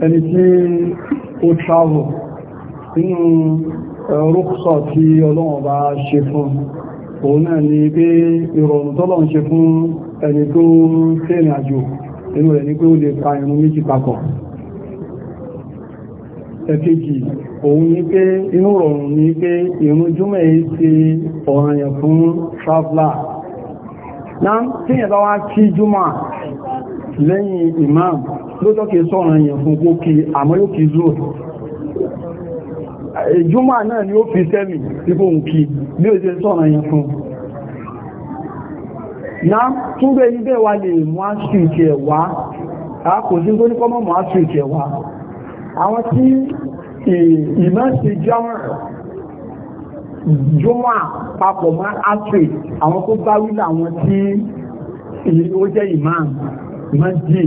ẹni tí ó travel nínú rúkṣọ̀ tí ọlọ́wọ̀n bá ṣe fún òun náà ni pé ìrọ̀rùn tọ́lọ́run ṣe fún ẹni tó tẹ́rìn àjò inú rẹ̀ ní pé ó lè pa ìrun méjì papọ̀ ẹ̀kejì òun ni pé inú rọ̀rùn ni pé èyí ti ọ̀ranyàn fún náà bá wá imam lójọ́ kìí sọ́rọ̀ yẹn fún kó kí àmọ́ yóò kí zúrò ìjúmà náà ni ó fi sẹ́mì ipò ń kí bí ó ṣe sọ́rọ̀ yẹn fún na túnbẹ̀ ibẹ̀ wà lè mú áṣìkì ẹ̀wà a kò sí tó ní kọ́mọ̀ mú áṣìkì ẹ̀wà àwọn tí ìmẹ́sì jọmọ́ papọ̀ mọ́ áṣìkì àwọn tó bá wílà àwọn tí ó jẹ́ ìmáà mọ́ jíì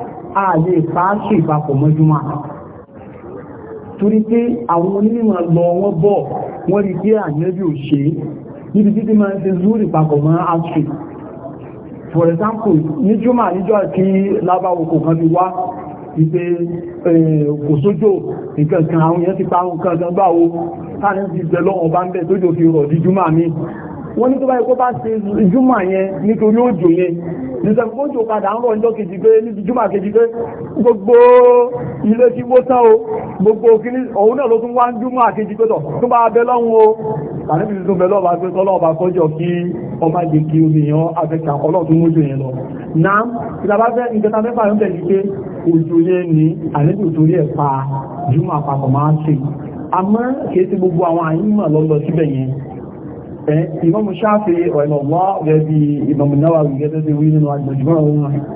a lè fàáṣì ìpapọ̀ mọ́júmọ́ torí pé àwọn onímọ̀ lọ wọ́n bọ̀ wọ́n rí pé àyẹ́bí ò ṣe níbi títí máa ń ṣe zúrì papọ̀ mọ́ áṣì for example ní jùmọ̀ níjọ́ tí lábáwò kò kan bí wá ìpe kò sójò ìkẹ̀kàn àwọn èèyàn ti pa àwọn kankan gbáwo táàrin ti jẹ lọ́wọ́ bá ń bẹ̀ tójò fi rọ̀ di jùmọ̀ mi wọ́n ní tó bá ikú bá ṣe jùmọ̀ yẹn nítorí òjò ìsẹ̀kójò padà ń rọ̀ ọjọ́ kejì pé níbi jùmọ̀ kejì pé gbogbo ilé tí wó tán o gbogbo kìíní òun náà ló tún wá ń jùmọ̀ kejì pé tọ̀ tó bá bẹ lọ́hun o tàbí tuntun bẹ lọ́ba pé tọ́lọ́ba kọjọ kí ọmọ jẹ kí obìnrin afẹ́kà ọlọ́tún mójú yẹn lọ náà ìjọba fẹ́ ìjọba mẹ́fà ń tẹ̀lé pé òjò yẹn ni àlejò torí ẹ̀ pa jùmọ̀ àpapọ̀ máa ń ṣe àmọ́ kìí ti gbogbo àwọn àyímọ̀ lọ́lọ́ síbẹ̀ yẹn ìmọ̀mù ṣáàfẹ́ ọ̀ẹ̀lọ̀wọ́ gẹ́bí ìmọ̀mù náwà gẹ́gẹ́ bí wí nínú àgbẹ̀jùmọ̀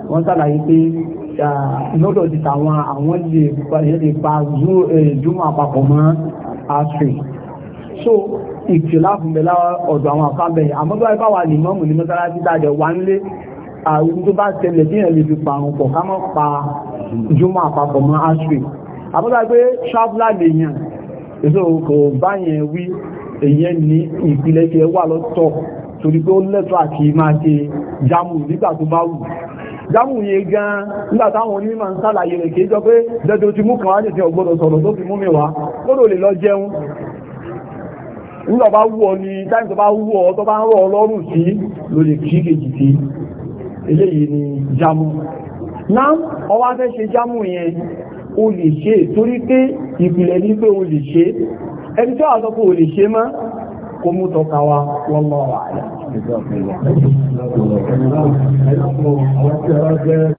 wọn sàlàyé pé lọ́dọ̀ ti tàwọn àwọn lè pa eh, jùmọ̀ àpapọ̀ mọ́ àṣì so ìtìláfùnbẹ̀lá ọ̀dọ̀ àwọn àkábẹ̀ àmọ́bá ipá wà ní èso kò báyẹn wí èyẹ́ ní ìpìlẹ̀ tí ẹ wà lọ́tọ̀ torí pé ó lẹ́tọ̀ àti máa ṣe jámù nígbà tó bá wù jámù yẹ gan nígbà táwọn onímọ̀ ń sàlàyé rẹ̀ kéjọ pé dẹ́dọ̀ ti mú kan wá nìsìn ọgbọ́dọ̀ sọ̀rọ̀ tó fi mú mi wá kódò lè lọ jẹun nígbà bá wù ọ ni ẹni tí wà sọ pé ṣe mọ́ kó mú tọ́ka wa wọ́n wà